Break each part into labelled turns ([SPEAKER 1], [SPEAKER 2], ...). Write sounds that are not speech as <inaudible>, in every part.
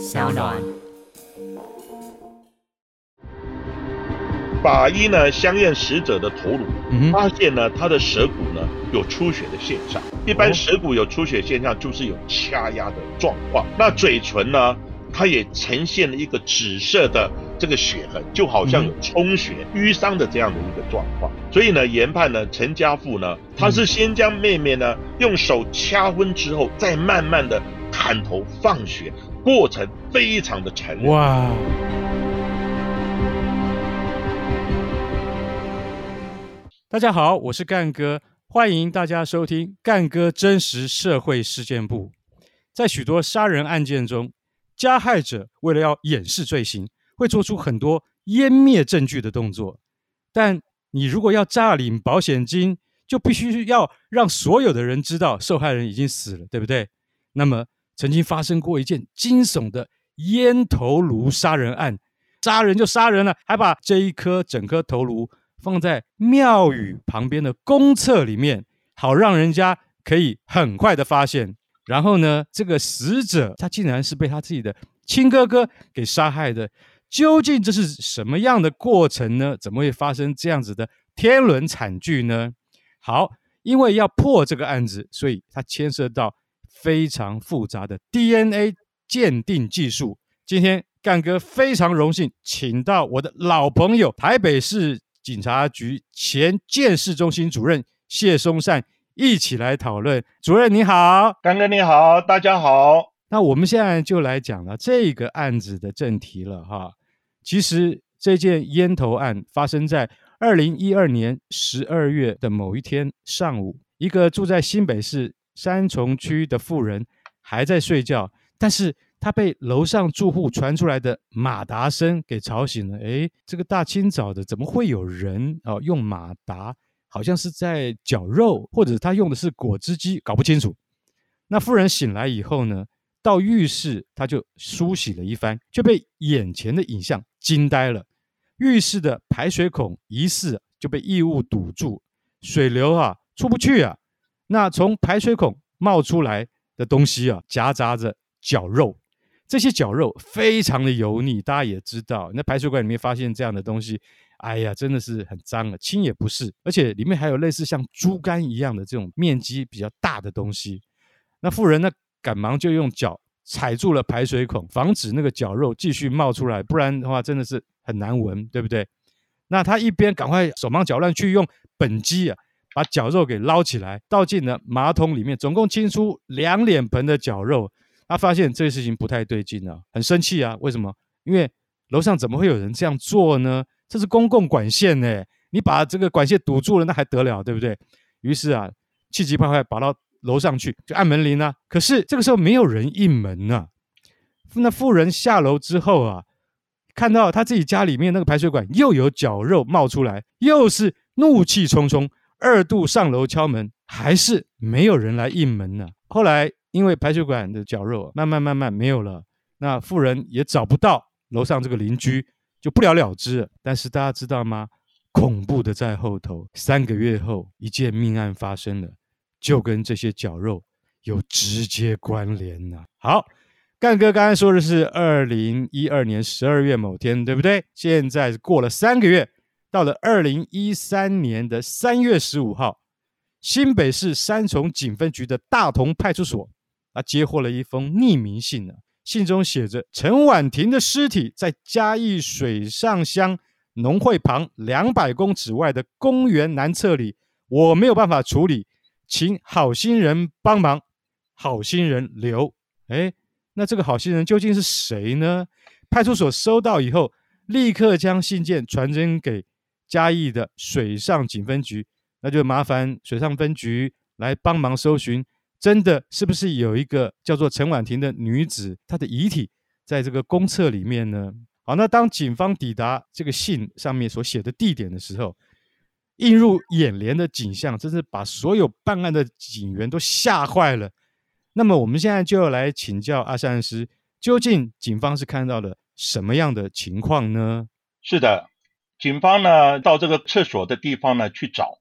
[SPEAKER 1] 小暖，法醫 <noise> 呢，相驗死者的頭顱，mm hmm. 發現呢他的舌骨呢有出血的現象。一般舌骨有出血現象，就是有掐壓的狀況。Oh. 那嘴唇呢，它也呈現了一個紫色的這個血痕，就好像有充血瘀傷、mm hmm. 的這樣的一個狀況。所以呢，研判陳呢，陳佳富呢，他是先將妹妹呢用手掐昏之後，再慢慢的。砍頭放血過程非常的殘酷。哇、
[SPEAKER 2] wow！大家好，我是乾哥，歡迎大家收聽乾哥真實社會事件簿。在許多殺人案件中，加害者為了要掩飾罪行，會做出很多湮滅證據的動作。但你如果要詐領保險金，就必須要讓所有的人知道受害人已經死了，對不對？那麼。曾經發生過一件驚悚的醃頭顱殺人案，殺人就殺人了，還把這一顆整顆頭顱放在廟宇旁邊的公廁裡面，好讓人家可以很快的發現。然後呢，這個死者他竟然是被他自己的親哥哥給殺害的，究竟這是什麼樣的過程呢？怎麼會發生這樣子的天倫慘劇呢？好，因為要破這個案子，所以他牽涉到，非常複雜的 DNA 鑑定技術。今天幹哥非常榮幸，請到我的老朋友台北市警察局前鑑識中心主任謝松善一起來討論。主任你好。幹哥你好，大家好。那我們現在就來講了這個案子的正題了哈。其實這件醃頭案發生在二零一二年十二月的某一天上午，一個住在新北市。三重區的婦人還在睡覺，但是她被樓上住戶傳出來的馬達聲給吵醒了。誒，這個大清早的，怎麼會有人啊，哦？用馬達，好像是在絞肉，或者他用的是果汁機，搞不清楚。那婦人醒來以後呢，到浴室，她就梳洗了一番，就被眼前的影像驚呆了。浴室的排水孔疑似就被異物堵住，水流啊出不去啊。那從排水孔冒出來的東西啊，夾雜着絞肉，這些絞肉非常的油膩，大家也知道。那排水管裡面發現這樣的東西，哎呀，真的是很髒了，清也不是，而且裡面還有類似像豬肝一樣的這種面積比較大的東西。那婦人呢，趕忙就用腳踩住了排水孔，防止那個絞肉繼續冒出來，不然的話真的是很難聞，對不對？那他一邊趕快手忙腳亂去用本基啊。把絞肉給撈起來，倒進了馬桶裡面，總共清出兩臉盆的絞肉。他發現這個事情不太對勁了，啊，很生氣啊！為什麼？因為樓上怎麼會有人這樣做呢？這是公共管線呢，你把這個管線堵住了，那還得了，對不對？於是啊，氣急敗壞跑到樓上去，就按門鈴呢，啊。可是這個時候沒有人應門吶，啊。那婦人下樓之後啊，看到他自己家裡面那個排水管又有絞肉冒出來，又是怒氣沖沖。二度上樓敲門，還是沒有人來應門呢、啊。後來因為排水管的絞肉慢慢慢慢沒有了，那婦人也找不到樓上這個鄰居，就不了了之了。但是大家知道嗎？恐怖的在後頭。三個月後，一件命案發生了，就跟這些絞肉有直接關聯呢、啊。好，干哥剛才說的是二零一二年十二月某天，對不對？現在過了三個月。到了二零一三年的三月十五號，新北市三重警分局的大同派出所啊，接獲了一封匿名信呢、啊。信中寫着：“陳婉婷的屍體在嘉義水上鄉農會旁兩百公尺外的公園南側裡，我沒有辦法處理，請好心人幫忙。好心人留。”，哎，那這個好心人究竟是誰呢？派出所收到以後，立刻將信件傳真給。嘉義的水上警分局，那就麻煩水上分局來幫忙搜尋，真的是不是有一個叫做陳婉婷的女子，她的遺體在這個公廁裡面呢？好，那當警方抵達這個信上面所寫的地點的時候，映入眼簾的景象，真是把所有辦案的警員都嚇壞了。那麼我們現在就要來請教阿善師，究竟
[SPEAKER 1] 警方是看到了什麼樣的情況呢？是的。警方呢，到這個廁所的地方呢去找，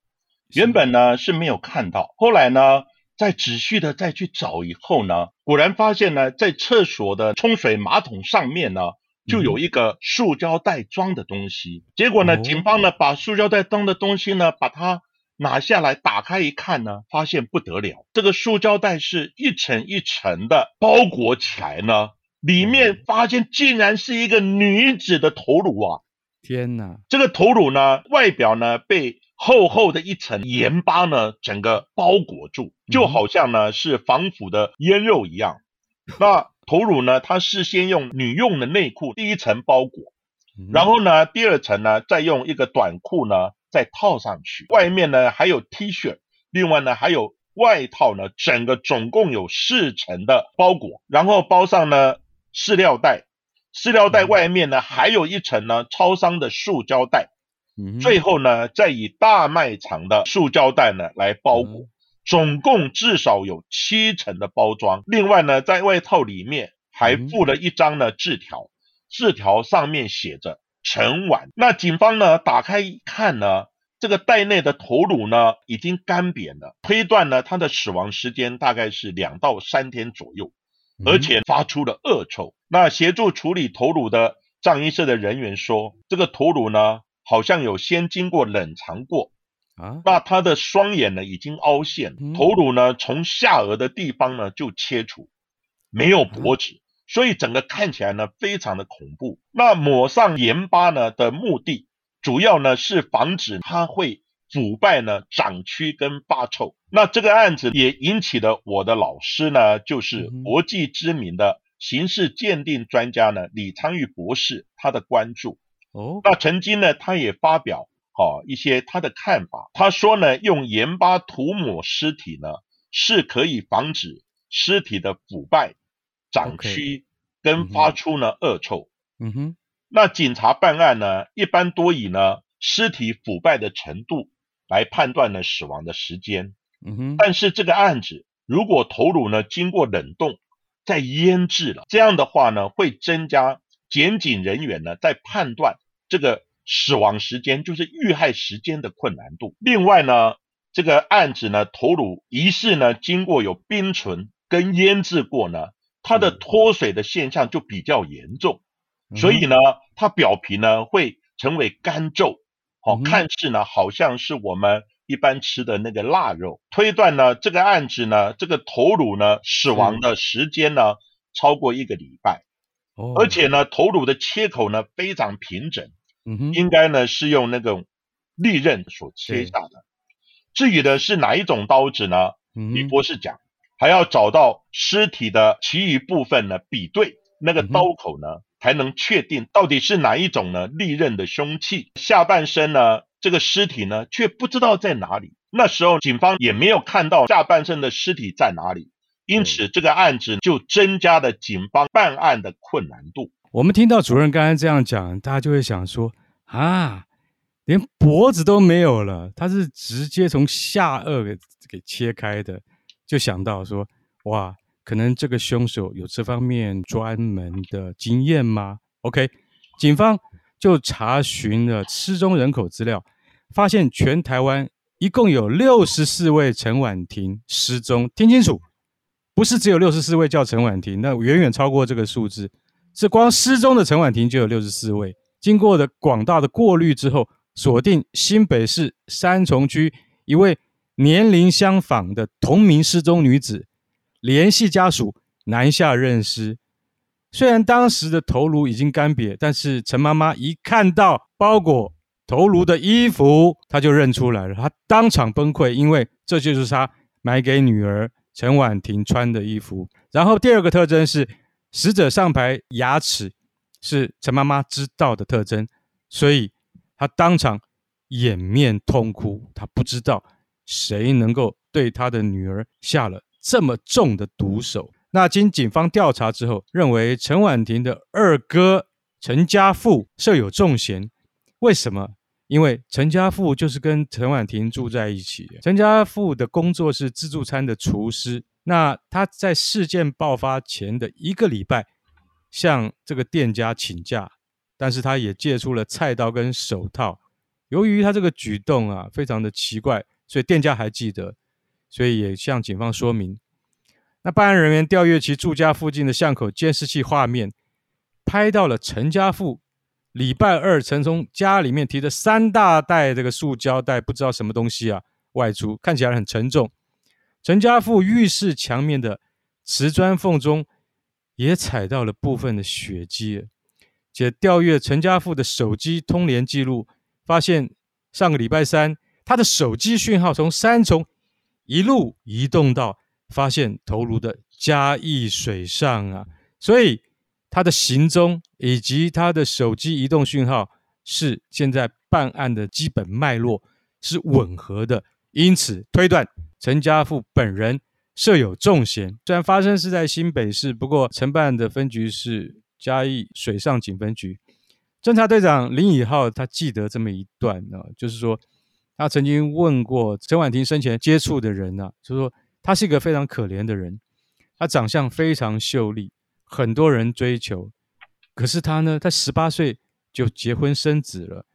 [SPEAKER 1] 原本呢是沒有看到，後來呢再仔細的再去找以後呢，果然發現呢，在廁所的沖水馬桶上面呢，就有一個塑膠袋裝的東西。嗯、結果呢，哦、警方呢把塑膠袋裝的東西呢，把它拿下來打開一看呢，發現不得了，這個塑膠袋是一層一層的包裹起來呢，裡面發現竟然是一個女子的頭顱啊！天吶，這個頭顱呢，外表呢被厚厚的一層鹽巴呢整個包裹住，就好像呢是防腐的醃肉一樣。那頭顱呢，它是先用女用的內褲第一層包裹，然後呢第二層呢再用一個短褲呢再套上去，外面呢還有 T 恤，另外呢還有外套呢，整個總共有四層的包裹，然後包上呢塑料袋。塑料袋外面呢，嗯、還有一層呢，超商的塑膠袋，嗯、最後呢，再以大賣場的塑膠袋呢來包裹，嗯、總共至少有七層的包裝。另外呢，在外套裡面還附了一張呢字、嗯、條，字條上面寫着“陳婉”，那警方呢打開一看呢，這個袋內的頭顱呢已經乾癟了，推斷呢他的死亡時間大概是兩到三天左右。而且發出了惡臭。那協助處理頭顱的葬儀社的人員說，這個頭顱呢，好像有先經過冷藏過，啊，那他的雙眼呢已經凹陷，嗯、頭顱呢從下顎的地方呢就切除，沒有脖子，嗯、所以整個看起來呢非常的恐怖。那抹上鹽巴呢的目的，主要呢是防止它會。腐敗呢，長蛆跟發臭。那這個案子也引起了我的老師呢，就是國際知名的刑事鑑定專家呢，李昌鈺博士他的關注。哦，oh. 那曾經呢，他也發表哈、哦、一些他的看法。他說呢，用鹽巴塗抹屍體呢，是可以防止屍體的腐敗、長蛆跟發出呢惡臭。嗯哼、okay. mm。Hmm. Mm hmm. 那警察辦案呢，一般多以呢屍體腐敗的程度。來判斷呢，死亡的時間，嗯哼，但是這個案子如果頭顱呢經過冷凍再醃製了，這樣的話呢會增加檢警人員呢在判斷這個死亡時間，就是遇害時間的困難度。另外呢，這個案子呢，頭顱疑似呢經過有冰存跟醃製過呢，它的脫水的現象就比較嚴重，嗯哼，所以呢它表皮呢會成為乾皺。哦，看似呢，好像是我們一般吃的那個臘肉。推斷呢，這個案子呢，這個頭顱呢，死亡的時間呢，嗯、超過一個禮拜。哦。而且呢，頭顱的切口呢，非常平整，嗯哼，應該呢是用那個利刃所切下的。對至於的是哪一種刀子呢？嗯哼李博士講，還要找到屍體的其餘部分呢，比對那個刀口呢。嗯才能確定到底是哪一種呢？利刃的凶器。下半身呢？這個屍體呢，卻不知道在哪裡。那時候警方也沒有看到下半身的屍體在哪裡，因此這個案子就增加了警方辦案的困難度。嗯、
[SPEAKER 2] 我們聽到主任剛剛這樣講，大家就會想說：啊，連脖子都沒有了，他是直接從下顎給給切開的，就想到說：哇！可能這個兇手有這方面專門的經驗嗎？OK，警方就查詢了失蹤人口資料，發現全台灣一共有六十四位陳婉婷失蹤。聽清楚，不是只有六十四位叫陳婉婷，那遠遠超過這個數字。是光失蹤的陳婉婷就有六十四位。經過的廣大的過濾之後，鎖定新北市三重區一位年齡相仿的同名失蹤女子。聯繫家屬南下認屍，雖然當時的頭顱已經乾癟，但是陳媽媽一看到包裹頭顱的衣服，她就認出來了，她當場崩潰，因為這就是她買給女兒陳婉婷穿的衣服。然後第二個特徵是，死者上排牙齒是陳媽媽知道的特徵，所以她當場掩面痛哭，她不知道誰能夠對她的女兒下了這麼重的毒手，那經警方調查之後，認為陳婉婷的二哥陳佳富涉有重嫌。為什麼？因為陳佳富就是跟陳婉婷住在一起，陳佳富的工作是自助餐的廚師。那他在事件爆發前的一個禮拜，向這個店家請假，但是他也借出了菜刀跟手套。由於他這個舉動啊，非常的奇怪，所以店家還記得。所以也向警方說明。那辦案人員調閱其住家附近的巷口監視器畫面，拍到了陳佳富禮拜二曾從家裡面提着三大袋這個塑膠袋，不知道什麼東西啊外出，看起來很沉重。陳佳富浴室牆面的瓷磚縫中也採到了部分的血跡，且調閱陳佳富的手機通聯記錄，發現上個禮拜三他的手機訊號從三重，一路移動到發現頭顱的嘉義水上啊，所以他的行蹤以及他的手機移動訊號是現在辦案的基本脈絡是吻合的，因此推斷陳佳富本人涉有重嫌。雖然發生是在新北市，不過承辦的分局是嘉義水上警分局偵查隊長林以浩，他記得這麼一段呢、啊，就是說。他曾經問過陳婉婷生前接觸的人呢、啊，就說她是一個非常可憐的人，她長相非常秀麗，很多人追求，可是她呢，她十八歲就結婚生子了，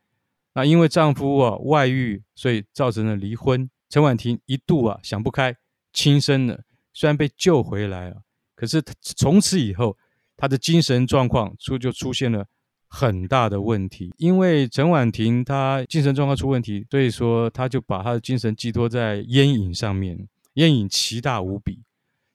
[SPEAKER 2] 那因為丈夫啊外遇，所以造成了離婚。陳婉婷一度啊想不開，輕生了，雖然被救回來啊，可是從此以後，她的精神狀況就出就出現了。很大的問題，因為陳婉婷她精神狀況出問題，所以說她就把她的精神寄托在菸癮上面，菸癮奇大無比，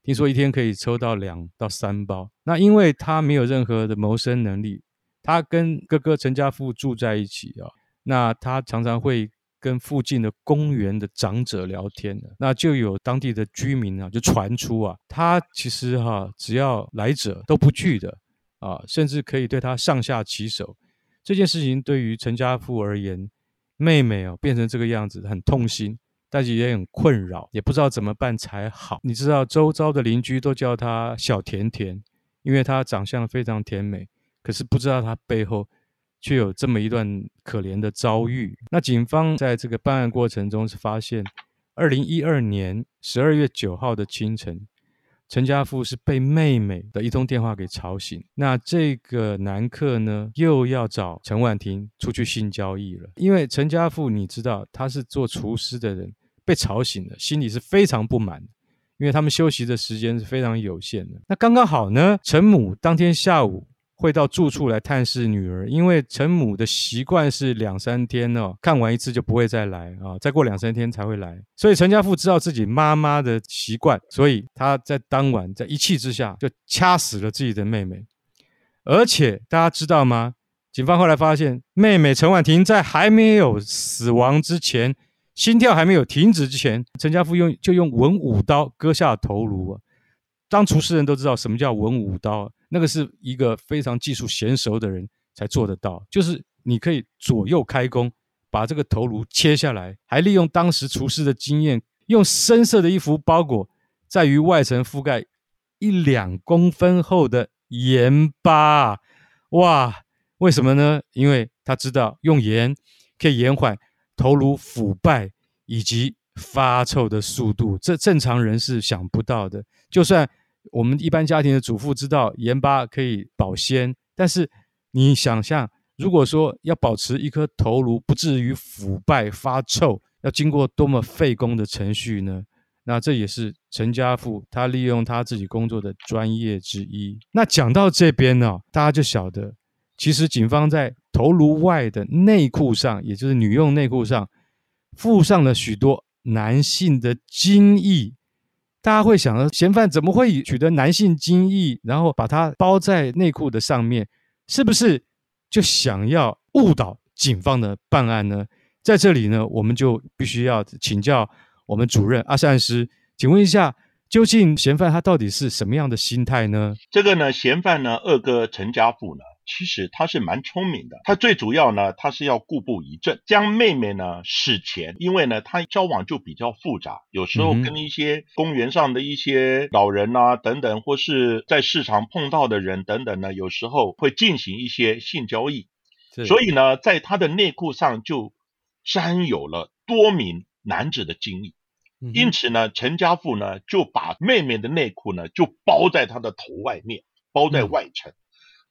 [SPEAKER 2] 聽說一天可以抽到兩到三包。那因為她沒有任何的謀生能力，她跟哥哥陳家富住在一起啊，那她常常會跟附近的公園的長者聊天，那就有當地的居民啊，就傳出啊，他其實哈、啊、只要來者都不拒的。啊，甚至可以對他上下其手。這件事情對於陳佳富而言，妹妹哦變成這個樣子，很痛心，但是也很困擾，也不知道怎麼辦才好。你知道，周遭的鄰居都叫她小甜甜，因為她長相非常甜美。可是不知道她背後卻有這麼一段可憐的遭遇。那警方在這個辦案過程中是發現，二零一二年十二月九號的清晨。陳佳富是被妹妹的一通電話給吵醒，那這個男客呢，又要找陳婉婷出去性交易了。因為陳佳富，你知道他是做廚師的人，被吵醒了，心裡是非常不滿，因為他們休息的時間是非常有限的。那剛剛好呢，陳母當天下午。會到住處來探視女兒，因為陳母的習慣是兩三天哦，看完一次就不會再來啊，哦，再過兩三天才會來。所以陳佳富知道自己媽媽的習慣，所以他在當晚在一氣之下就掐死了自己的妹妹。而且大家知道嗎？警方後來發現，妹妹陳婉婷在還沒有死亡之前，心跳還沒有停止之前，陳佳富用就用文武刀割下頭顱啊。當廚師人都知道什麼叫文武刀，那個是一個非常技術嫻熟的人才做得到。就是你可以左右開弓，把這個頭顱切下來，還利用當時廚師的經驗，用深色的衣服包裹，在於外層覆蓋一兩公分厚的鹽巴。哇，為什麼呢？因為他知道用鹽可以延緩頭顱腐敗以及發臭的速度。這正常人是想不到的，就算。我們一般家庭的主婦知道鹽巴可以保鮮，但是你想象，如果說要保持一顆頭顱不至於腐敗發臭，要經過多麼費工的程序呢？那這也是陳佳富他利用他自己工作的專業之一。那講到這邊呢、哦，大家就曉得，其實警方在頭顱外的內褲上，也就是女用內褲上，附上了許多男性的精液。大家會想到嫌犯怎麼會取得男性精液，然後把它包在內褲的上面？是不是就想要誤導警方的辦案呢？在這裡呢，我們就必須要請教我們主任阿善師，請問一下，究竟嫌犯他到底是什麼樣的心態呢？
[SPEAKER 1] 這個呢，嫌犯呢，二哥陳佳富呢，其實他是蠻聰明的，他最主要呢，他是要故布疑陣將妹妹呢使錢，因為呢他交往就比較複雜，有時候跟一些公園上的一些老人吶、啊嗯、哼等等，或是在市場碰到的人等等呢，有時候會進行一些性交易，對所以呢，在他的內褲上就沾有了多名男子的精液、嗯、哼因此呢，陳佳富呢就把妹妹的內褲呢就包在他的頭外面，包在外層。嗯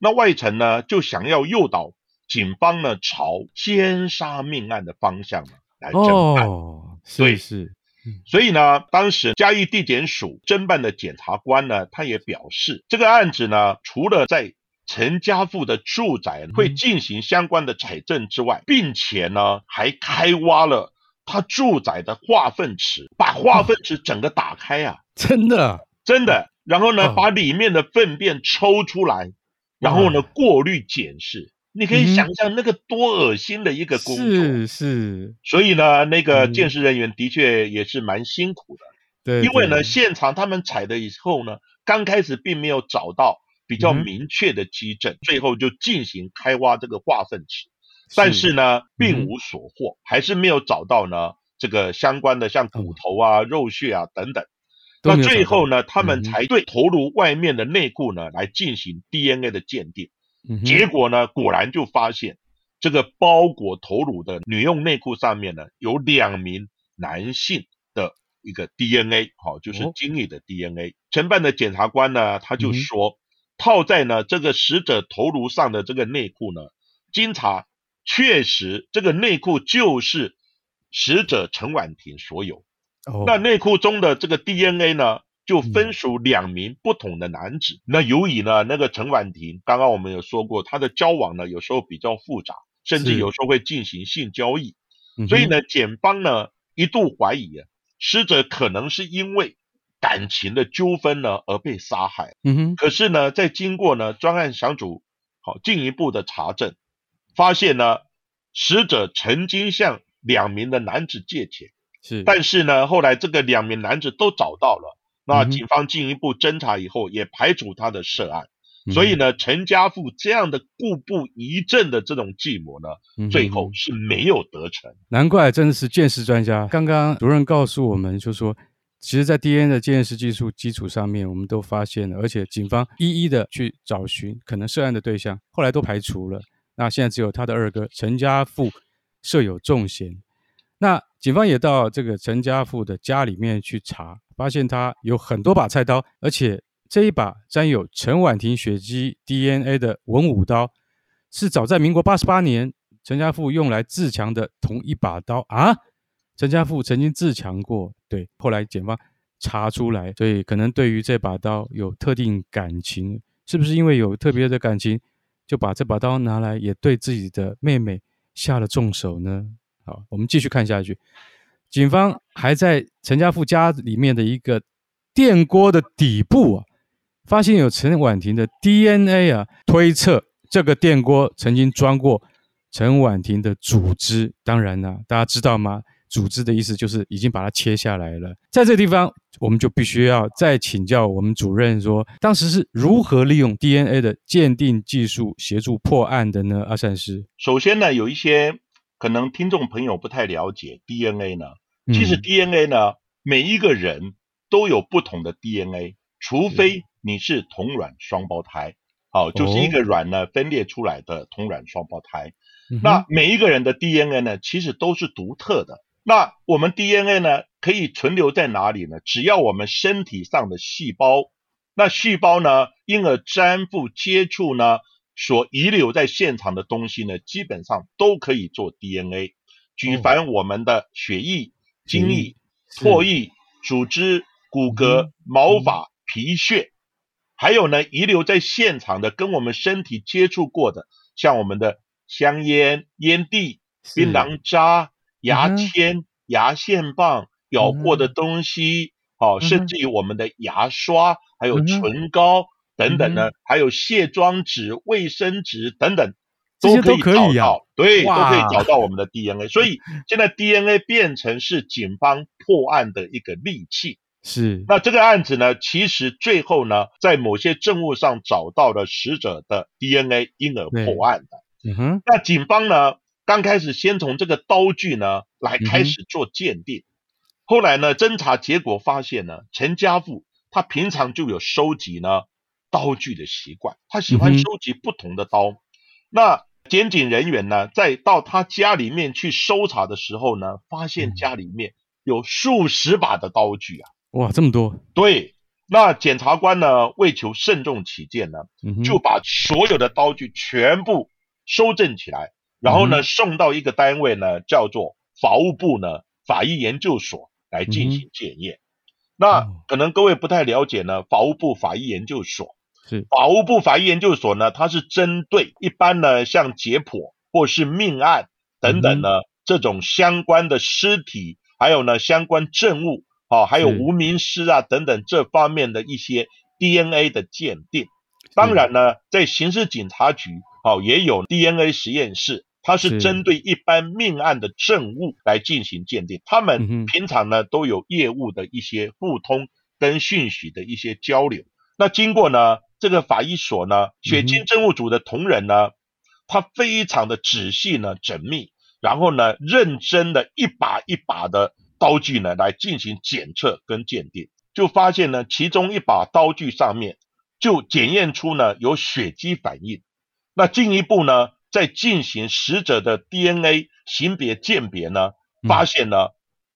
[SPEAKER 1] 那外層呢，就想要誘導警方呢，朝姦殺命案的方向呢來偵辦。哦，對。是是，嗯、所以呢，當時嘉義地檢署偵辦的檢察官呢，他也表示，這個案子呢，除了在陳佳富的住宅會進行相關的採證之外，嗯、並且呢，還開挖了他住宅的化糞池，把化糞池整個打開啊，啊真的真的，然後呢，啊、把裡面的糞便抽出來。然後呢，過濾檢視，嗯、你可以想象那個多噁心的一個工作，是是。是所以呢，那個鑑識人員的確也是蠻辛苦的，嗯、對，對。因為呢，現場他們採的以後呢，剛開始並沒有找到比較明確的跡證，嗯、最後就進行開挖這個化糞池，是但是呢，並無所獲，嗯、還是沒有找到呢這個相關的像骨頭啊、嗯、肉屑啊等等。那最後呢，他們才對頭顱外面的內褲呢、嗯、哼來進行 DNA 的鑑定，嗯、哼結果呢果然，就發現，這個包裹頭顱的女用內褲上面呢，有兩名男性的一個 DNA。好、哦、就是精液的 DNA。哦、承辦的檢察官呢，他就說，嗯、哼套在呢這個死者頭顱上的這個內褲呢，經查確實這個內褲就是死者陳婉婷所有。Oh. 那內褲中的這個 DNA 呢，就分屬兩名不同的男子。嗯、那由於呢，那個陳婉婷剛剛我們有說過，她的交往呢有時候比較複雜，甚至有時候會進行性交易，是所以呢，檢方呢一度懷疑、嗯、哼死者可能是因為感情的糾紛呢而被殺害。嗯哼。可是呢，在經過呢專案小組好進一步的查證，發現呢，死者曾經向兩名的男子借錢。是，但是呢，後來這個兩名男子都找到了，那警方進一步偵查以後，也排除他的涉案。嗯、哼所以呢，陳佳富這樣的故布疑陣的這種計謀呢，嗯、哼最後是沒有得逞。
[SPEAKER 2] 難怪真的是鑑識專家。剛剛主任告訴我們，就是說，其實在 DNA 的鑑識技術基礎上面，我們都發現了，而且警方一一的去找尋可能涉案的對象，後來都排除了。那現在只有他的二哥陳佳富，涉有重嫌。那。警方也到這個陳佳富的家裡面去查，發現他有很多把菜刀，而且這一把沾有陳婉婷血跡 DNA 的文武刀，是早在民國八十八年陳佳富用來自強的同一把刀啊。陳佳富曾經自強過，對，後來警方查出來，所以可能對於這把刀有特定感情，是不是因為有特別的感情，就把這把刀拿來也對自己的妹妹下了重手呢？好，我們繼續看下去。警方還在陳佳富家裡面的一個電鍋的底部啊，發現有陳婉婷的 DNA 啊。推測這個電鍋曾經裝過陳婉婷的組織。當然了啊，大家知道嗎？組織的意思就是已經把它切下來了。在這個地方，我們就必須要再請教我們主任說，當時是如何利用 DNA 的鑑定技術協助破案的呢？阿善師，
[SPEAKER 1] 首先呢，有一些。可能聽眾朋友不太了解 DNA 呢，其實 DNA 呢，每一個人都有不同的 DNA，除非你是同卵雙胞胎，好，就是一個卵呢分裂出來的同卵雙胞胎，那每一個人的 DNA 呢，其實都是獨特的。那我們 DNA 呢，可以存留在哪裡呢？只要我們身體上的細胞，那細胞呢，因而粘附接觸呢。所遺留在現場的東西呢，基本上都可以做 DNA，舉凡我們的血液、哦、精液、是唾液、組織、骨骼、嗯、毛髮、皮屑，還有呢遺留在現場的跟我們身體接觸過的，像我們的香煙、煙蒂、檳榔渣、牙籤、牙線棒、咬過的東西，好，甚至於我們的牙刷，還有唇膏。嗯嗯等等呢，嗯、還有卸妝紙、衛生紙等等，都可以找到。啊、對，哇都可以找到我們的 DNA。所以現在 DNA 變成是警方破案的一個利器。是。那這個案子呢，其實最後呢，在某些證物上找到了死者的 DNA，因而破案的。嗯哼。那警方呢，剛開始先從這個刀具呢來開始做鑑定，嗯、哼後來呢，偵查結果發現呢，陳佳富他平常就有收集呢。刀具的習慣，他喜歡收集不同的刀。嗯、哼那檢警，警人員呢，在到他家裡面去搜查的時候呢，發現家裡面有數十把的刀具啊！
[SPEAKER 2] 哇，這麼多！
[SPEAKER 1] 對，那檢察官呢，為求慎重起見呢，嗯、哼就把所有的刀具全部收正起來，然後呢，送到一個單位呢，叫做法務部呢法醫研究所來進行檢驗。嗯、哼那可能各位不太了解呢，法務部法醫研究所。法務部法醫研究所呢，它是針對一般呢，像解剖或是命案等等呢，嗯、這種相關的屍體，還有呢相關證物，好、哦，還有無名屍啊是等等這方面的一些 DNA 的鑑定。是當然呢，在刑事警察局，哦也有 DNA 實驗室，它是針對一般命案的證物來進行鑑定。是他們平常呢、嗯、哼都有業務的一些互通跟訊息的一些交流。那經過呢。這個法醫所呢，血清證物組的同仁呢，嗯、他非常的仔細呢、縝密，然後呢，認真的一把一把的刀具呢來進行檢測跟鑑定，就發現呢，其中一把刀具上面就檢驗出呢有血跡反應，那進一步呢再進行死者的 DNA 型別鑑別呢，發現呢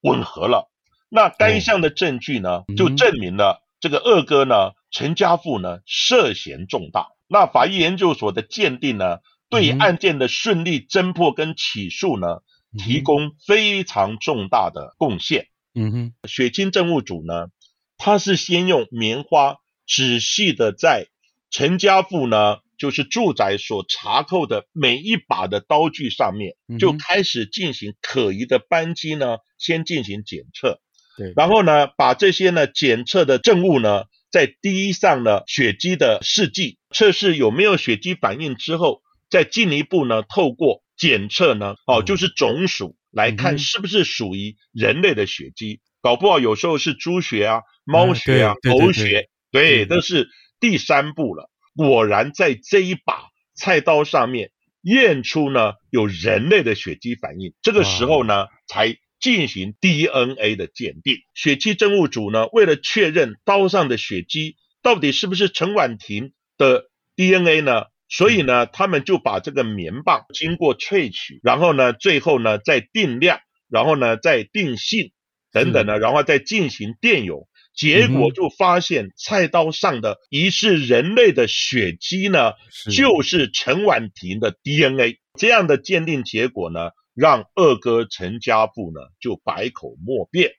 [SPEAKER 1] 吻合了，那單項的證據呢就證明了這個二哥呢。陳佳富呢涉嫌重大，那法醫研究所的鑑定呢，嗯、哼對案件的順利偵破跟起訴呢，嗯、哼提供非常重大的貢獻。嗯哼，血清證物組呢，他是先用棉花仔細的在陳佳富呢，就是住宅所查扣的每一把的刀具上面，嗯、哼就開始進行可疑的斑跡呢，先進行檢測。對，然後呢，把這些呢檢測的證物呢，再滴上了血跡的試劑，測試有沒有血跡反應之後，再進一步呢透過檢測呢，嗯、哦，就是種屬來看是不是屬於人類的血跡，嗯、搞不好有時候是豬血啊、貓血啊、嗯、啊狗血，對，這是第三步了。果然在這一把菜刀上面驗出呢有人類的血跡反應，這個時候呢哇才。進行 DNA 的鑑定，血跡證物組呢，為了確認刀上的血跡到底是不是陳婉婷的 DNA 呢，嗯、所以呢，他們就把這個棉棒經過萃取，然後呢，最後呢再定量，然後呢再定性，等等呢，是然後再進行電泳，結果就發現菜刀上的疑似人類的血跡呢，是就是陳婉婷的 DNA。這樣的鑑定結果呢，讓二哥陳佳富呢就百口莫辯。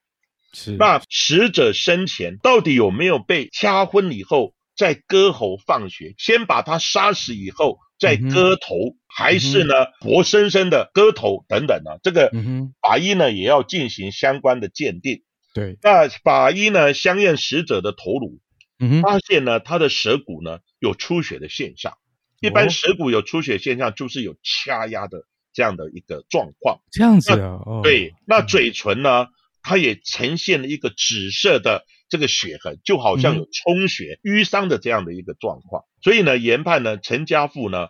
[SPEAKER 1] 是那死者生前到底有沒有被掐昏以後再割喉放血，先把他殺死以後再割頭，嗯、哼還是呢活生生的割頭等等、啊嗯、哼呢？這個法醫呢也要進行相關的鑑定。對，那法醫呢相驗死者的頭顱，嗯、哼發現呢他的舌骨呢有出血的現象。哦、一般舌骨有出血現象就是有掐壓的。這樣的一個狀況，這樣子的、啊，那哦、對，哦、那嘴唇呢，嗯、它也呈現了一個紫色的這個血痕，就好像有充血、嗯、淤傷的這樣的一個狀況。所以呢，研判呢，陳佳富呢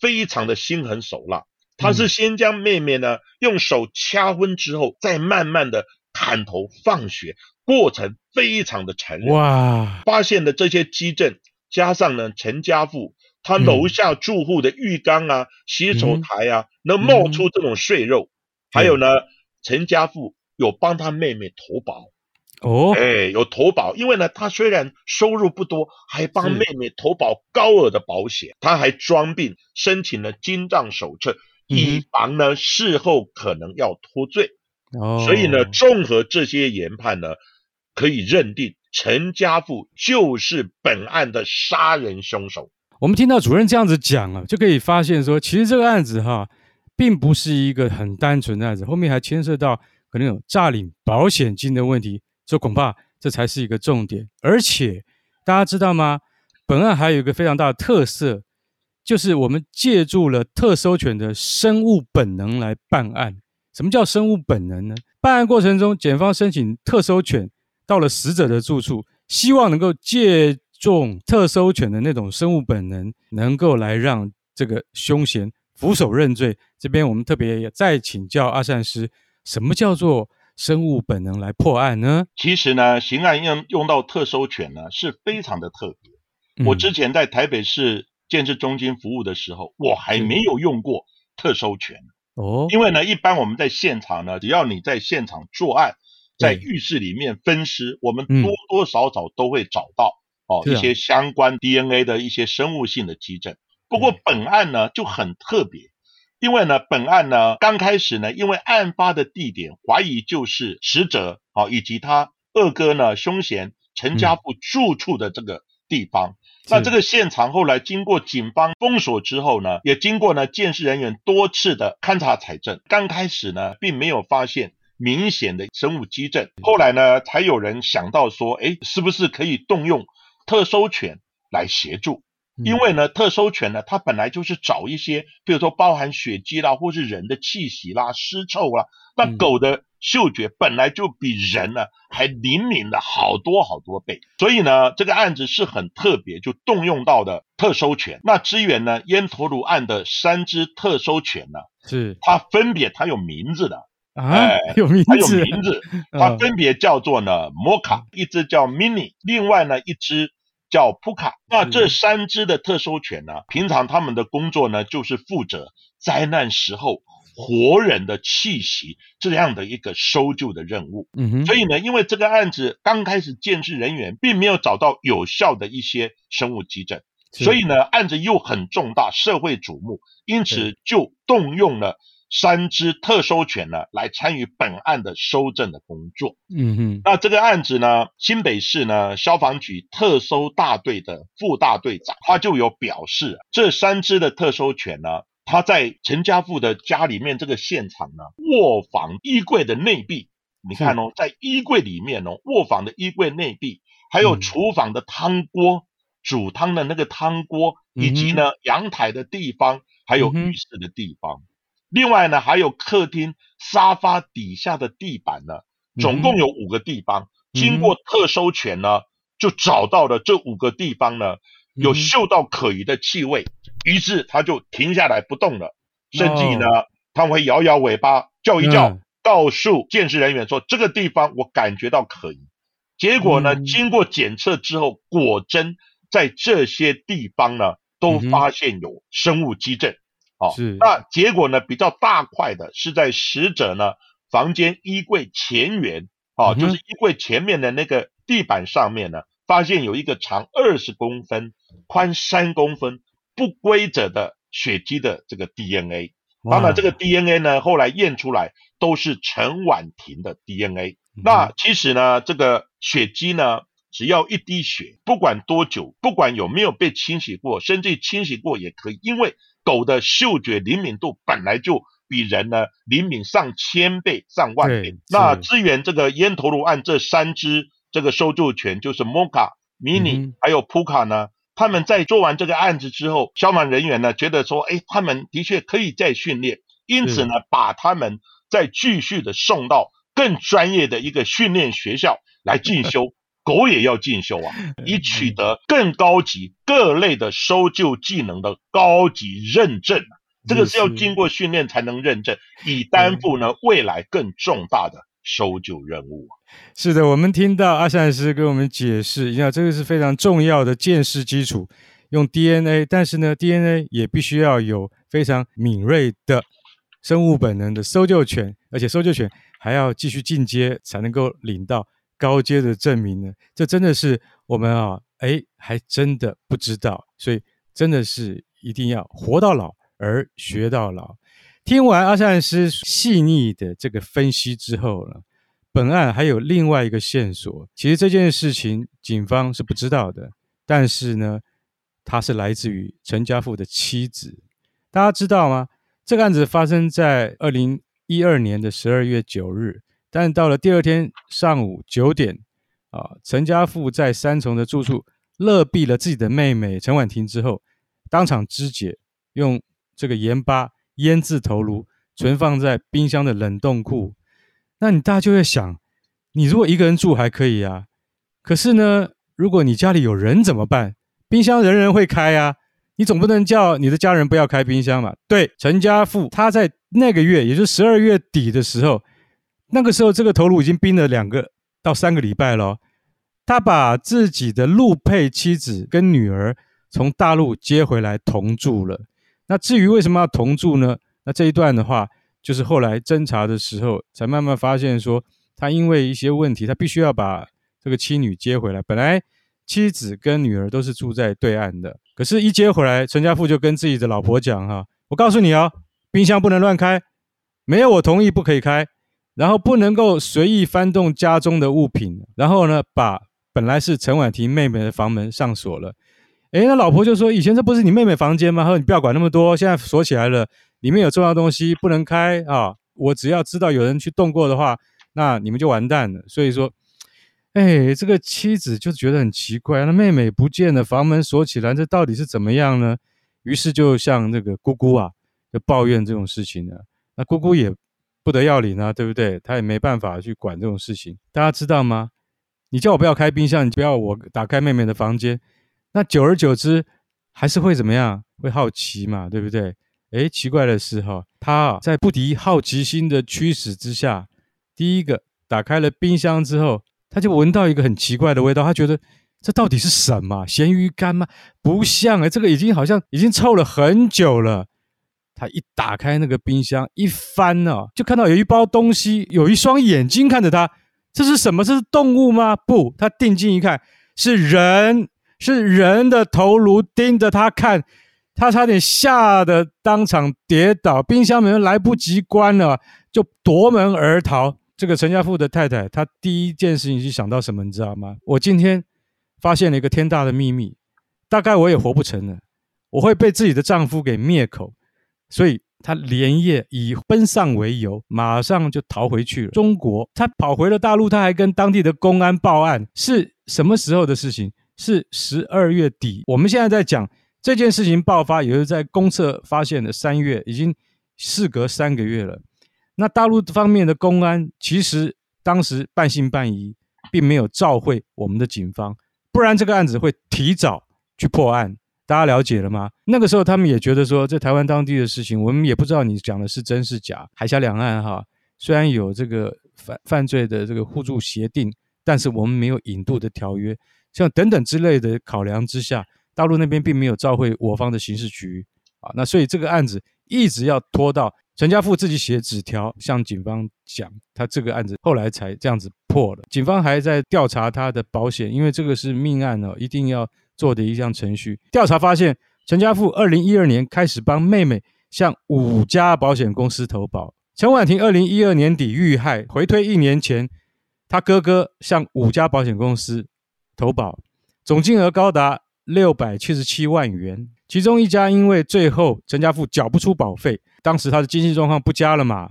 [SPEAKER 1] 非常的心狠手辣，他、嗯、是先將妹妹呢用手掐昏之後，再慢慢的砍頭放血，過程非常的殘忍。哇，發現了這些跡證，加上呢，陳佳富。他樓下住戶的浴缸啊、嗯、洗手台啊，能冒出這種碎肉。嗯嗯、還有呢，陳佳富有幫他妹妹投保。哦，哎，有投保，因為呢，他雖然收入不多，還幫妹妹投保高額的保險。嗯、他還裝病申請了精障手冊，嗯、以防呢事後可能要脫罪。哦，所以呢，綜合這些研判呢，可以認定陳佳富就是本案的殺人兇手。
[SPEAKER 2] 我們聽到主任這樣子講了、啊、就可以發現說，其實這個案子哈，並不是一個很單純的案子，後面還牽涉到可能有詐領保險金的問題，所以恐怕這才是一個重點。而且大家知道嗎？本案還有一個非常大的特色，就是我們借助了特搜犬的生物本能來辦案。什麼叫生物本能呢？辦案過程中，檢方申請特搜犬到了死者的住處，希望能夠借。重特搜犬的那種生物本能，能夠來讓這個兇嫌俯首認罪。這邊我們特別也再請教阿善師，什麼叫做生物本能來破案呢？
[SPEAKER 1] 其實呢，刑案用用到特搜犬呢，是非常的特別。嗯、我之前在台北市鑑識中心服務的時候，我還沒有用過特搜犬哦。是因為呢，一般我們在現場呢，只要你在現場作案，在浴室裡面分屍，嗯、我們多多少少都會找到。哦、一些相關 DNA 的一些生物性的跡證。是啊、不過本案呢，嗯、就很特別，因為呢本案呢剛開始呢，因為案發的地點懷疑就是死者啊、哦、以及他二哥呢凶嫌陳佳富住處的這個地方，嗯、那這個現場後來經過警方封鎖之後呢，也經過呢鑑識人員多次的勘查採證，剛開始呢並沒有發現明顯的生物跡證，後來呢才有人想到說，哎，是不是可以動用。特搜犬來協助，因為呢，特搜犬呢，它本來就是找一些，比如說包含血跡啦，或是人的氣息啦、屍臭啦。那狗的嗅覺本來就比人呢還靈敏的好多好多倍，所以呢，這個案子是很特別，就動用到的特搜犬。那支援呢，醃頭顱案的三隻特搜犬呢，是它分別它有名字的，哎、啊，呃、有它有名字，哦、它分別叫做呢摩卡，ok、ka, 一隻叫 Mini，另外呢一隻。叫撲卡，那這三隻的特搜犬呢，是平常他們的工作呢，就是負責災難時候活人的氣息這樣的一個搜救的任務。嗯、哼所以呢，因為這個案子剛開始，鑑識人員並沒有找到有效的一些生物跡證，是所以呢，案子又很重大，社會矚目，因此就動用了。三隻特搜犬呢，來參與本案的搜證的工作。嗯嗯，哼那這個案子呢，新北市呢消防局特搜大隊的副大隊長，他就有表示，這三隻的特搜犬呢，他在陳佳富的家裡面這個現場呢，臥房衣櫃的內壁，你看哦，嗯、在衣櫃裡面哦，臥房的衣櫃內壁，還有廚房的湯鍋，嗯、煮湯的那個湯鍋，以及呢、嗯、哼陽台的地方，還有浴室的地方。嗯另外呢，還有客廳沙發底下的地板呢，總共有五個地方，嗯、經過特搜犬呢，嗯、就找到了這五個地方呢，嗯、有嗅到可疑的氣味，於是他就停下來不動了，甚至呢，哦、他會搖搖尾巴，叫一叫，嗯、告訴鑑識人員說、嗯、這個地方我感覺到可疑。結果呢，嗯、經過檢測之後，果真在這些地方呢，都發現有生物跡證。哦，是那結果呢？比較大塊的是在死者呢房間衣櫃前緣，哦，嗯、哼就是衣櫃前面的那個地板上面呢，發現有一個長二十公分、寬三公分不規則的血跡的這個 DNA。哇當然，這個 DNA 呢，後來驗出來都是陳婉婷的 DNA。嗯、哼那其實呢，這個血跡呢，只要一滴血，不管多久，不管有沒有被清洗過，甚至清洗過也可以，因為。狗的嗅覺靈敏度本來就比人呢靈敏上千倍，上萬倍。哎、那支援這個醃頭顱案這三隻這個搜救犬，就是 Moka，嗯、MINI 還有 Puka 呢。他們在做完這個案子之後，消防人員呢覺得說，哎，他們的確可以再訓練，因此呢、嗯、把他們再繼續的送到更專業的一個訓練學校來進修。嗯 <laughs> 狗也要進修啊，以取得更高級各類的搜救技能的高級認證、啊，這個是要經過訓練才能認證，以擔負呢未來更重大的搜救任務、啊嗯。
[SPEAKER 2] 是的，我們聽到阿善師給我們解釋一下，這個是非常重要的鑑識基礎，用 DNA，但是呢，DNA 也必須要有非常敏銳的生物本能的搜救犬，而且搜救犬還要繼續進階才能夠領到。高階的證明呢？這真的是我們啊，哎，還真的不知道，所以真的是一定要活到老而學到老。聽完阿善師細膩的這個分析之後呢，本案還有另外一個線索。其實這件事情警方是不知道的，但是呢，它是來自於陳佳富的妻子。大家知道嗎？這個案子發生在二零一二年的十二月九日。但到了第二天上午九點啊，陳佳富在三重的住處勒斃了自己的妹妹陳婉婷之後，當場肢解，用這個鹽巴醃制頭顱，存放在冰箱的冷凍庫。那你大家就會想，你如果一個人住還可以啊，可是呢，如果你家裡有人怎麼辦？冰箱人人會開啊，你總不能叫你的家人不要開冰箱嘛。對，陳佳富他在那個月，也就是十二月底的時候。那個時候，這個頭顱已經冰了兩個到三個禮拜了哦。他把自己的陸配妻子跟女兒從大陸接回來同住了。那至於為什麼要同住呢？那這一段的話，就是後來偵查的時候才慢慢發現說，他因為一些問題，他必須要把這個妻女接回來。本來妻子跟女兒都是住在對岸的，可是，一接回來，陳佳富就跟自己的老婆講：“哈，我告訴你哦，冰箱不能亂開，沒有我同意不可以開。”然後不能夠隨意翻動家中的物品，然後呢，把本來是陳婉婷妹妹的房門上鎖了。誒，那老婆就說：“以前這不是你妹妹房間嗎？她說你不要管那麼多，現在鎖起來了，裡面有重要東西不能開啊！我只要知道有人去動過的話，那你們就完蛋了。”所以說，哎，這個妻子就覺得很奇怪，那妹妹不見了，房門鎖起來，這到底是怎麼樣呢？於是就向那個姑姑啊，就抱怨這種事情呢。那姑姑也。不得要領呢，對不對？他也沒辦法去管這種事情。大家知道嗎？你叫我不要開冰箱，你不要我打開妹妹的房間，那久而久之還是會怎麼樣？會好奇嘛，對不對？哎，奇怪的是哈，他在不敵好奇心的驅使之下，第一個打開了冰箱之後，他就聞到一個很奇怪的味道。他覺得這到底是什麼？鹹魚乾嗎？不像。哎，這個已經好像已經臭了很久了。他一打開那個冰箱，一翻呢、啊，就看到有一包東西，有一雙眼睛看着他。這是什麼？這是動物嗎？不，他定睛一看，是人，是人的頭顱盯着他看。他差點嚇得當場跌倒，冰箱門來不及關了，就奪門而逃。這個陳家富的太太，她第一件事情就想到什麼，你知道嗎？我今天發現了一個天大的秘密，大概我也活不成了，我會被自己的丈夫給滅口。所以他連夜以奔喪為由，馬上就逃回去了。中國，他跑回了大陸，他還跟當地的公安報案。是什麼時候的事情？是十二月底。我們現在在講這件事情爆發，也就是在公廁发現的三月，已經事隔三個月了。那大陸方面的公安其實當時半信半疑，並沒有照會我們的警方，不然這個案子會提早去破案。大家了解了嗎？那個時候他們也覺得說，在台灣當地的事情，我們也不知道你講的是真是假。海峽兩岸哈，雖然有這個犯犯罪的這個互助協定，但是我們沒有引渡的條約，像等等之類的考量之下，大陸那邊並沒有召回我方的刑事局啊，那所以這個案子一直要拖到陳佳富自己寫紙條向警方講他這個案子，後來才這樣子破了。警方還在調查他的保險，因為這個是命案哦，一定要。做的一項程序調查發現，陳佳富二零一二年開始幫妹妹向五家保險公司投保。陳婉婷二零一二年底遇害，回推一年前，他哥哥向五家保險公司投保，總金額高達六百七十七萬元。其中一家因為最後陳佳富繳不出保費，當時他的經濟狀況不佳了嘛？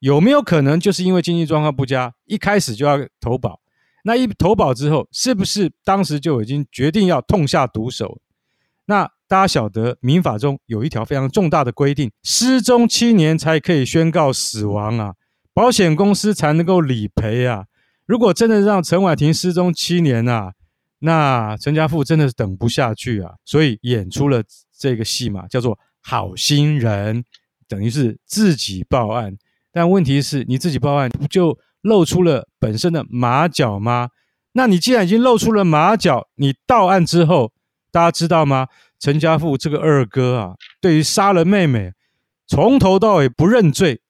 [SPEAKER 2] 有沒有可能就是因為經濟狀況不佳，一開始就要投保？那一投保之後，是不是當時就已經決定要痛下毒手？那大家曉得民法中有一條非常重大的規定，失蹤七年才可以宣告死亡啊，保險公司才能夠理賠啊。如果真的讓陳婉婷失蹤七年啊，那陳佳富真的是等不下去啊，所以演出了這個戲嘛，叫做好心人，等於是自己報案。但問題是，你自己報案不就。露出了本身的馬腳嗎？那你既然已經露出了馬腳，你到案之後，大家知道嗎？陳佳富這個二哥啊，對於殺了妹妹，從頭到尾不認罪。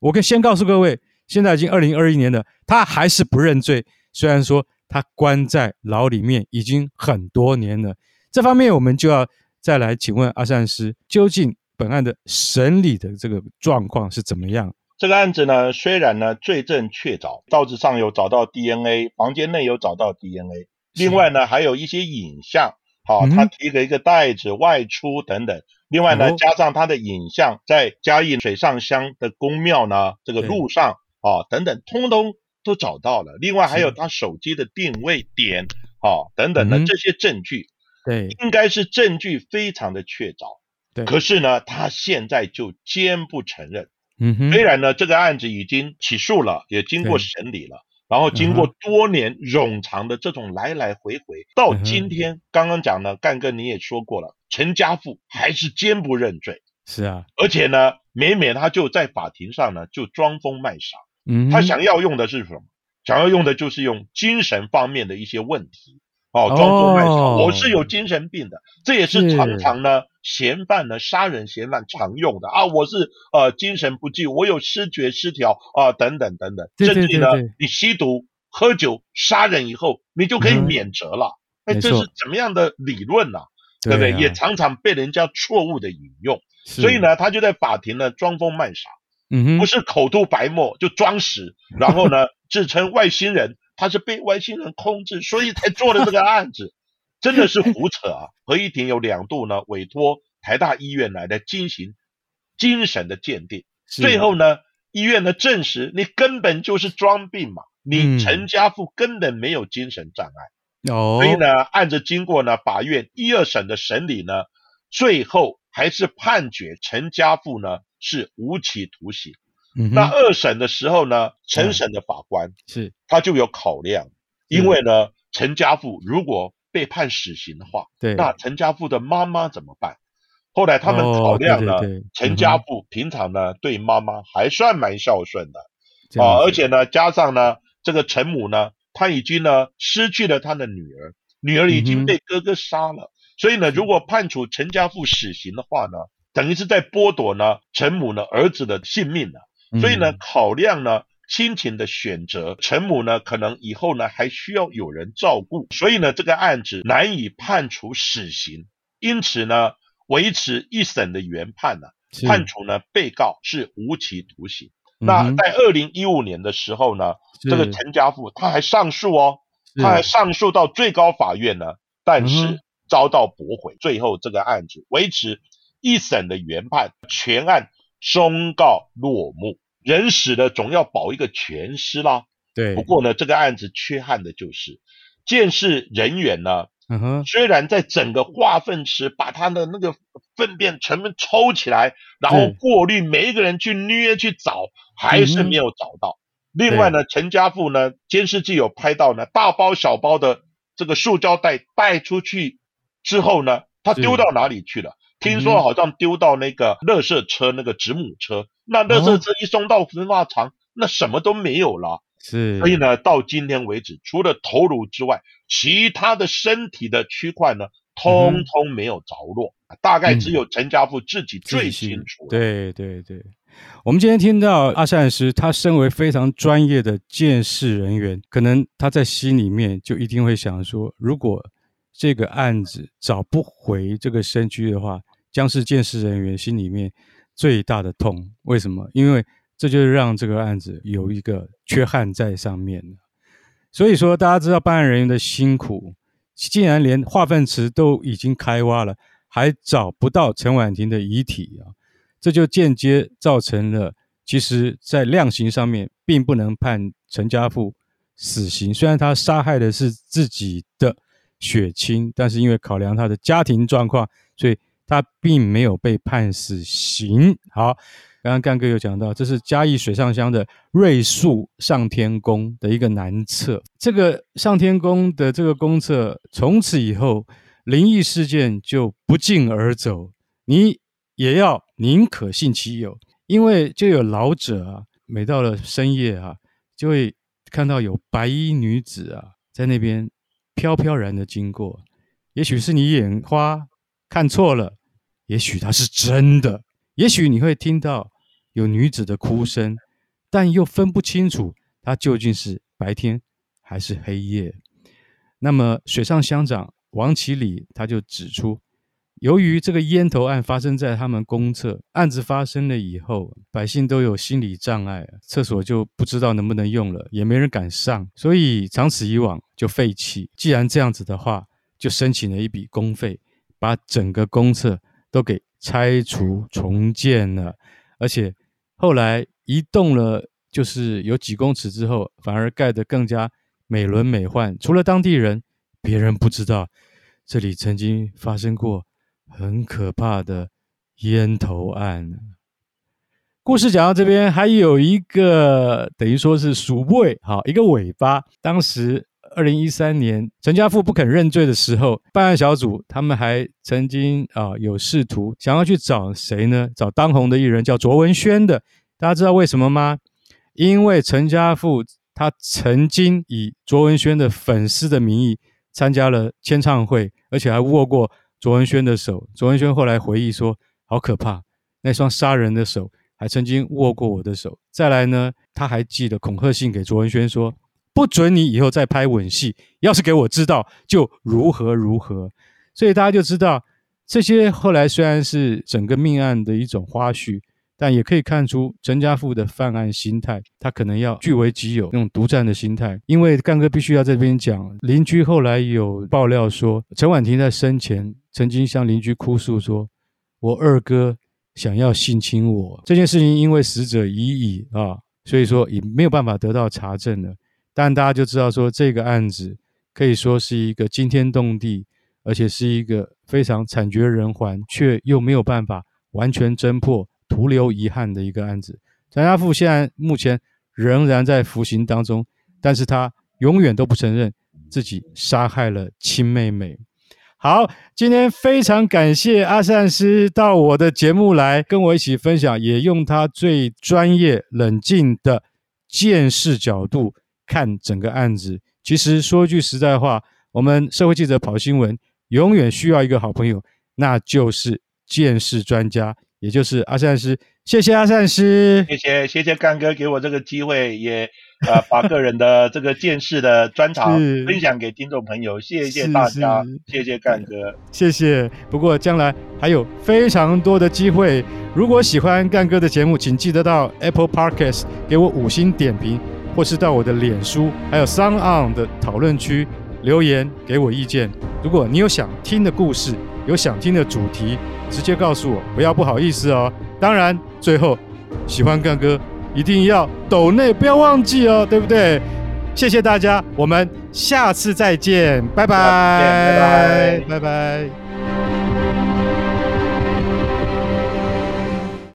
[SPEAKER 2] 我可以先告訴各位，現在已經二零二一年了，他還是不認罪。雖然說他關在牢裡面已經很多年了，這方面我們就要再來請問阿善師，究竟本案的審理的這個狀況是怎麼樣？
[SPEAKER 1] 這個案子呢，雖然呢罪證確鑿，刀子上有找到 DNA，房間內有找到 DNA，另外呢還有一些影像，好、啊，嗯、他提了一個袋子外出等等，另外呢、哦、加上他的影像，在嘉義水上鄉的宮廟呢，這個路上對啊等等，通通都找到了，另外還有他手機的定位點是啊等等的、嗯、這些證據，對，應該是證據非常的確鑿，對可是呢他現在就堅不承認。嗯，雖然呢，這個案子已經起訴了，也經過審理了，對然後經過多年冗長的這種來來回回，嗯、哼到今天剛剛講呢，幹哥你也說過了，陳佳富還是堅不認罪。是啊，而且呢，每每他就在法庭上呢，就裝瘋賣傻。嗯，他想要用的是什麼？想要用的就是用精神方面的一些問題。哦，裝瘋賣傻，oh, 我是有精神病的，這也是常常呢是嫌犯、呢殺人嫌犯常用的啊，我是呃精神不濟，我有思覺失調啊、呃、等等等等，對對對對，甚至呢你吸毒喝酒殺人以後，你就可以免責了，那、嗯、這是怎麼樣的理論呢、啊？對不對？對啊、也常常被人家錯誤的引用，是所以呢，他就在法庭呢裝瘋賣傻，嗯哼，不是口吐白沫就裝死，然後呢自稱外星人。 <laughs> 他是被外星人控制，所以才做了這個案子， <laughs> 真的是胡扯啊！合議庭有兩度呢委託台大醫院來來進行精神的鑑定，嗎最後呢醫院呢證實你根本就是裝病嘛，你陳佳富根本沒有精神障礙。嗯、所以呢，案子經過呢法院一二審的審理呢，最後還是判決陳佳富呢是無期徒刑。那二審的時候呢，重審的法官是，嗯、他就有考量，嗯、因為呢，陳佳富如果被判死刑的話，對那陳佳富的媽媽怎麼辦？
[SPEAKER 2] 後來他們考量了，哦對對對
[SPEAKER 1] 嗯、陳佳富平常呢對媽媽還算蠻孝順的對對啊，而且呢，加上呢，這個陳母呢，她已經呢失去了她的女兒，女兒已經被哥哥殺了，嗯、哼所以呢，如果判處陳佳富死刑的話呢，等於是在剝奪呢陳母呢兒子的性命了，啊。嗯、所以呢，考量呢親情的選擇，陳母呢可能以後呢還需要有人照顧，所以呢這個案子難以判處死刑，因此呢維持一審的原判呢、啊，是判處呢被告是無期徒刑。嗯、那在二零一五年的時候呢，是這個陳佳富他還上訴哦，是他還上訴到最高法院呢，是但是遭到駁回，嗯、哼最後這個案子維持一審的原判，全案終告落幕。人死了總要保一個全屍啦。對。不過呢，這個案子缺憾的就是，鑑識人員呢，嗯、哼雖然在整個化糞池把他的那個糞便全部抽起來，然後過濾，嗯、每一個人去捏去找，還是沒有找到。嗯、另外呢，對陳佳富呢，監視器有拍到呢，大包小包的這個塑膠袋帶,帶出去之後呢，他丟到哪裡去了？嗯聽說好像丟到那個垃圾車那個子母車，嗯、那垃圾車一送到焚化廠，哦、那什麼都沒有了。是，所以呢，到今天為止，除了頭顱之外，其他的身體的區塊呢，通通沒有着落。嗯、大概只有陳家富自己最清楚。嗯。
[SPEAKER 2] 對對對，我們今天聽到阿善師，他身為非常專業的鑑識人員，可能他在心裡面就一定會想說，如果這個案子找不回這個身軀的話，將是鑑識人員心裡面最大的痛。為什麼？因為這就讓這個案子有一個缺憾在上面了。所以說，大家知道辦案人員的辛苦，竟然連化糞池都已經開挖了，還找不到陳婉婷的遺體。這就間接造成了，其實在量刑上面並不能判陳佳富死刑。雖然他殺害的是自己的血親，但是因為考量他的家庭狀況，所以。他並沒有被判死刑。好，剛剛幹哥有講到，這是嘉義水上鄉的璿宿上天宮的一個男廁。這個上天宮的這個公廁，從此以後靈異事件就不脛而走。你也要寧可信其有，因為就有老者啊，每到了深夜啊，就會看到有白衣女子啊，在那邊飄飄然的經過。也許是你眼花看錯了。也許它是真的，也許你會聽到有女子的哭聲，但又分不清楚它究竟是白天還是黑夜。那麼，水上鄉長王啟禮他就指出，由於這個醃頭案發生在他們公廁，案子發生了以後，百姓都有心理障礙，廁所就不知道能不能用了，也沒人敢上，所以長此以往就廢棄。既然這樣子的話，就申請了一筆公費，把整個公廁。都給拆除重建了，而且後來移動了，就是有幾公尺之後，反而蓋得更加美輪美奐。除了當地人，別人不知道這裡曾經發生過很可怕的醃頭案。故事講到這邊，還有一個等於說是鼠尾，好一個尾巴，當時。二零一三年，陳佳富不肯認罪的時候，辦案小組他們還曾經啊、呃、有試圖想要去找誰呢？找當紅的藝人叫卓文萱的。大家知道為什麼嗎？因為陳佳富他曾經以卓文萱的粉絲的名義參加了簽唱會，而且還握過卓文萱的手。卓文萱後來回憶說：“好可怕，那雙殺人的手還曾經握過我的手。”再來呢，他還寄了恐嚇信給卓文萱說。不准你以後再拍吻戲，要是給我知道，就如何如何。所以大家就知道，這些後來雖然是整個命案的一種花絮，但也可以看出陳佳富的犯案心態，他可能要據為己有，那種獨佔的心態。因為乾哥必須要在這邊講，鄰居後來有爆料說，陳婉婷在生前曾經向鄰居哭訴說，我二哥想要性侵我這件事情，因為死者已矣啊，所以說也沒有辦法得到查證了。但大家就知道說，這個案子可以說是一個驚天動地，而且是一個非常慘絕人寰，卻又沒有辦法完全偵破、徒留遺憾的一個案子。陳佳富現在目前仍然在服刑當中，但是他永遠都不承認自己殺害了親妹妹。好，今天非常感謝阿善師到我的節目來跟我一起分享，也用他最專業、冷靜的見識角度。看整個案子，其實說句實在話，我們社會記者跑新聞，永遠需要一個好朋友，那就是鑑識專家，也就是阿善師。謝謝阿善師，
[SPEAKER 1] 謝謝謝謝幹哥給我這個機會，也、呃、把個人的這個鑑識的專長 <laughs> 分享給聽眾朋友。是謝謝大家，是是謝謝幹哥、
[SPEAKER 2] 嗯，謝謝。不過將來還有非常多的機會，如果喜歡幹哥的節目，請記得到 Apple Podcast 給我五星點評。或是到我的臉書，還有 SoundOn 的討論區留言給我意見。如果你有想聽的故事，有想聽的主題，直接告訴我，不要不好意思哦。當然，最後喜歡乾哥一定要抖內，不要忘記哦，對不對？謝謝大家，我們下次再見，拜拜，拜拜，
[SPEAKER 1] 拜拜。